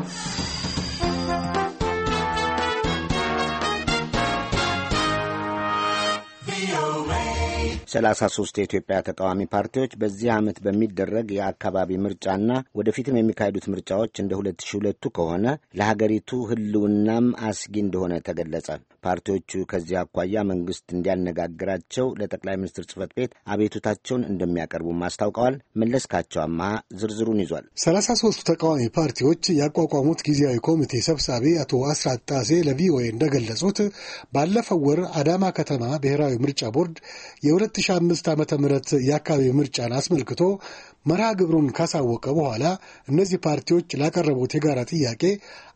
you ሰላሳ ሶስት የኢትዮጵያ ተቃዋሚ ፓርቲዎች በዚህ ዓመት በሚደረግ የአካባቢ ምርጫና ወደፊትም የሚካሄዱት ምርጫዎች እንደ ሁለት ቱ ሁለቱ ከሆነ ለሀገሪቱ ህልውናም አስጊ እንደሆነ ተገለጸ። ፓርቲዎቹ ከዚህ አኳያ መንግስት እንዲያነጋግራቸው ለጠቅላይ ሚኒስትር ጽህፈት ቤት አቤቱታቸውን እንደሚያቀርቡም አስታውቀዋል። መለስካቸው አማሃ ዝርዝሩን ይዟል። ሰላሳ ሶስቱ ተቃዋሚ ፓርቲዎች ያቋቋሙት ጊዜያዊ ኮሚቴ ሰብሳቢ አቶ አስራት ጣሴ ለቪኦኤ እንደገለጹት ባለፈው ወር አዳማ ከተማ ብሔራዊ ምርጫ ቦርድ የሁለት 2005 ዓ ም የአካባቢ ምርጫን አስመልክቶ መርሃ ግብሩን ካሳወቀ በኋላ እነዚህ ፓርቲዎች ላቀረቡት የጋራ ጥያቄ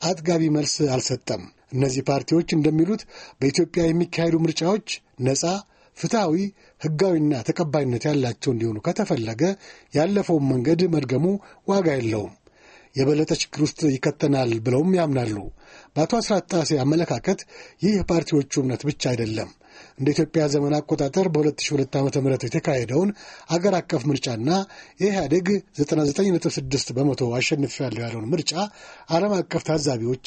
አጥጋቢ መልስ አልሰጠም። እነዚህ ፓርቲዎች እንደሚሉት በኢትዮጵያ የሚካሄዱ ምርጫዎች ነፃ ፍትሐዊ፣ ሕጋዊና ተቀባይነት ያላቸው እንዲሆኑ ከተፈለገ ያለፈውን መንገድ መድገሙ ዋጋ የለውም፣ የበለጠ ችግር ውስጥ ይከተናል ብለውም ያምናሉ። በአቶ አስራት ጣሴ አመለካከት ይህ የፓርቲዎቹ እምነት ብቻ አይደለም። እንደ ኢትዮጵያ ዘመን አቆጣጠር በ2002 ዓ ም የተካሄደውን አገር አቀፍ ምርጫና የኢህአዴግ 99.6 በመቶ አሸንፊያለሁ ያለውን ምርጫ ዓለም አቀፍ ታዛቢዎች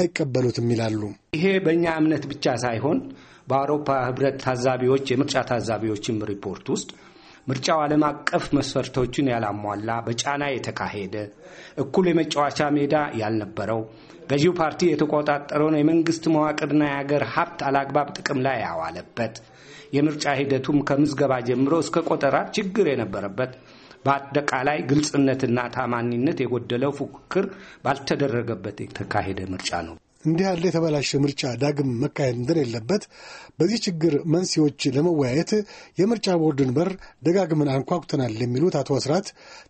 አይቀበሉትም ይላሉ። ይሄ በእኛ እምነት ብቻ ሳይሆን በአውሮፓ ህብረት ታዛቢዎች የምርጫ ታዛቢዎችም ሪፖርት ውስጥ ምርጫው ዓለም አቀፍ መስፈርቶችን ያላሟላ በጫና የተካሄደ እኩል የመጫወቻ ሜዳ ያልነበረው ገዢው ፓርቲ የተቆጣጠረውን የመንግስት መዋቅርና የአገር ሀብት አላግባብ ጥቅም ላይ ያዋለበት የምርጫ ሂደቱም ከምዝገባ ጀምሮ እስከ ቆጠራ ችግር የነበረበት በአጠቃላይ ግልጽነትና ታማኒነት የጎደለው ፉክክር ባልተደረገበት የተካሄደ ምርጫ ነው። እንዲህ ያለ የተበላሸ ምርጫ ዳግም መካሄድ እንደሌለበት በዚህ ችግር መንስኤዎች ለመወያየት የምርጫ ቦርድን በር ደጋግመን አንኳኩተናል የሚሉት አቶ አስራት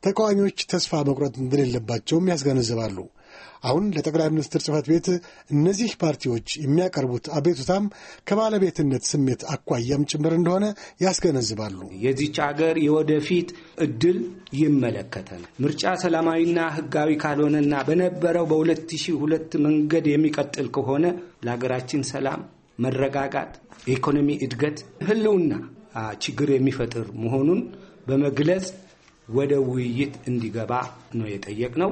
ተቃዋሚዎች ተስፋ መቁረጥ እንደሌለባቸውም ያስገነዝባሉ። አሁን ለጠቅላይ ሚኒስትር ጽህፈት ቤት እነዚህ ፓርቲዎች የሚያቀርቡት አቤቱታም ከባለቤትነት ስሜት አኳያም ጭምር እንደሆነ ያስገነዝባሉ። የዚች አገር የወደፊት እድል ይመለከተን ምርጫ ሰላማዊና ህጋዊ ካልሆነና በነበረው በ2002 መንገድ የሚቀጥል ከሆነ ለሀገራችን ሰላም፣ መረጋጋት፣ የኢኮኖሚ እድገት፣ ህልውና ችግር የሚፈጥር መሆኑን በመግለጽ ወደ ውይይት እንዲገባ ነው የጠየቅነው።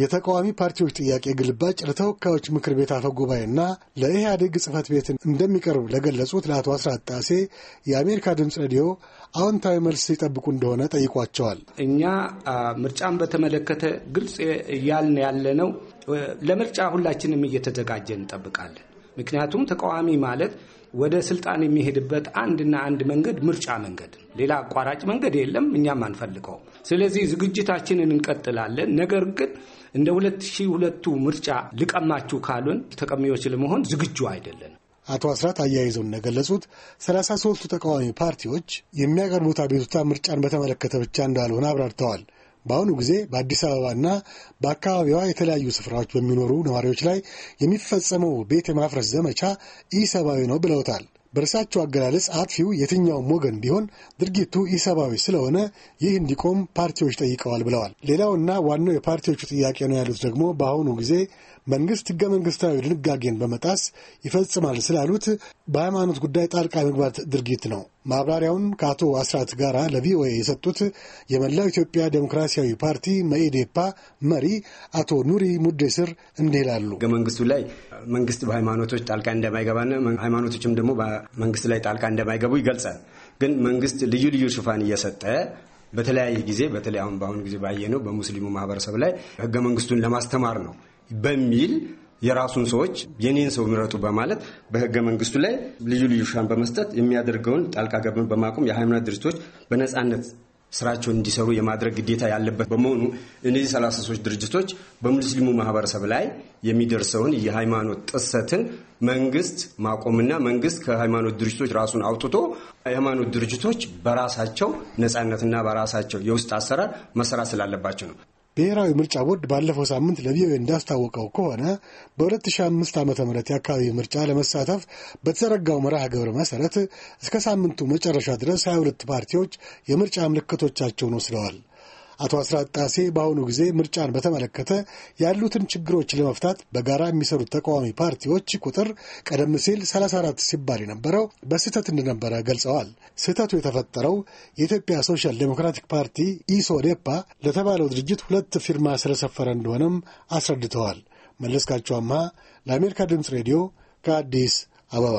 የተቃዋሚ ፓርቲዎች ጥያቄ ግልባጭ ለተወካዮች ምክር ቤት አፈ ጉባኤና ለኢህአዴግ ጽህፈት ቤት እንደሚቀርብ ለገለጹት ለአቶ አስራት ጣሴ የአሜሪካ ድምፅ ሬዲዮ አዎንታዊ መልስ ይጠብቁ እንደሆነ ጠይቋቸዋል። እኛ ምርጫን በተመለከተ ግልጽ እያልን ያለ ነው። ለምርጫ ሁላችንም እየተዘጋጀ እንጠብቃለን። ምክንያቱም ተቃዋሚ ማለት ወደ ስልጣን የሚሄድበት አንድና አንድ መንገድ ምርጫ መንገድ፣ ሌላ አቋራጭ መንገድ የለም። እኛም አንፈልገው ስለዚህ ዝግጅታችንን እንቀጥላለን። ነገር ግን እንደ 2002 ሁለቱ ምርጫ ልቀማችሁ ካሉን ተቀሚዎች ለመሆን ዝግጁ አይደለን። አቶ አስራት አያይዘው እንደገለጹት ሰላሳ ሦስቱ ተቃዋሚ ፓርቲዎች የሚያቀርቡት አቤቱታ ምርጫን በተመለከተ ብቻ እንዳልሆነ አብራርተዋል። በአሁኑ ጊዜ በአዲስ አበባ እና በአካባቢዋ የተለያዩ ስፍራዎች በሚኖሩ ነዋሪዎች ላይ የሚፈጸመው ቤት የማፍረስ ዘመቻ ኢሰብአዊ ነው ብለውታል። በእርሳቸው አገላለጽ አጥፊው የትኛውም ወገን ቢሆን ድርጊቱ ኢሰብአዊ ስለሆነ ይህ እንዲቆም ፓርቲዎች ጠይቀዋል ብለዋል። ሌላውና ዋናው የፓርቲዎቹ ጥያቄ ነው ያሉት ደግሞ በአሁኑ ጊዜ መንግስት ህገ መንግስታዊ ድንጋጌን በመጣስ ይፈጽማል ስላሉት በሃይማኖት ጉዳይ ጣልቃ የመግባት ድርጊት ነው። ማብራሪያውን ከአቶ አስራት ጋር ለቪኦኤ የሰጡት የመላው ኢትዮጵያ ዴሞክራሲያዊ ፓርቲ መኢዴፓ መሪ አቶ ኑሪ ሙዴስር እንዲህ ይላሉ። ሕገ መንግስቱ ላይ መንግስት በሃይማኖቶች ጣልቃ እንደማይገባና ሃይማኖቶችም ደግሞ በመንግስት ላይ ጣልቃ እንደማይገቡ ይገልጻል። ግን መንግስት ልዩ ልዩ ሽፋን እየሰጠ በተለያየ ጊዜ በተለይ አሁን በአሁኑ ጊዜ ባየነው በሙስሊሙ ማህበረሰብ ላይ ህገ መንግስቱን ለማስተማር ነው በሚል የራሱን ሰዎች የኔን ሰው ምረጡ በማለት በህገ መንግስቱ ላይ ልዩ ልዩ ሻን በመስጠት የሚያደርገውን ጣልቃ ገብን በማቆም የሃይማኖት ድርጅቶች በነፃነት ስራቸውን እንዲሰሩ የማድረግ ግዴታ ያለበት በመሆኑ እነዚህ ሰላሳ ሶስት ድርጅቶች በሙስሊሙ ማህበረሰብ ላይ የሚደርሰውን የሃይማኖት ጥሰትን መንግስት ማቆምና መንግስት ከሃይማኖት ድርጅቶች ራሱን አውጥቶ ሃይማኖት ድርጅቶች በራሳቸው ነፃነትና በራሳቸው የውስጥ አሰራር መሰራት ስላለባቸው ነው። ብሔራዊ ምርጫ ቦርድ ባለፈው ሳምንት ለቪኦኤ እንዳስታወቀው ከሆነ በ2005 ዓ ም የአካባቢ ምርጫ ለመሳተፍ በተዘረጋው መርሃ ግብር መሰረት እስከ ሳምንቱ መጨረሻ ድረስ 22 ፓርቲዎች የምርጫ ምልክቶቻቸውን ወስደዋል። አቶ አስራት ጣሴ በአሁኑ ጊዜ ምርጫን በተመለከተ ያሉትን ችግሮች ለመፍታት በጋራ የሚሰሩት ተቃዋሚ ፓርቲዎች ቁጥር ቀደም ሲል 34 ሲባል የነበረው በስህተት እንደነበረ ገልጸዋል። ስህተቱ የተፈጠረው የኢትዮጵያ ሶሻል ዴሞክራቲክ ፓርቲ ኢሶዴፓ ለተባለው ድርጅት ሁለት ፊርማ ስለሰፈረ እንደሆነም አስረድተዋል። መለስካቸው አምሃ ለአሜሪካ ድምፅ ሬዲዮ ከአዲስ አበባ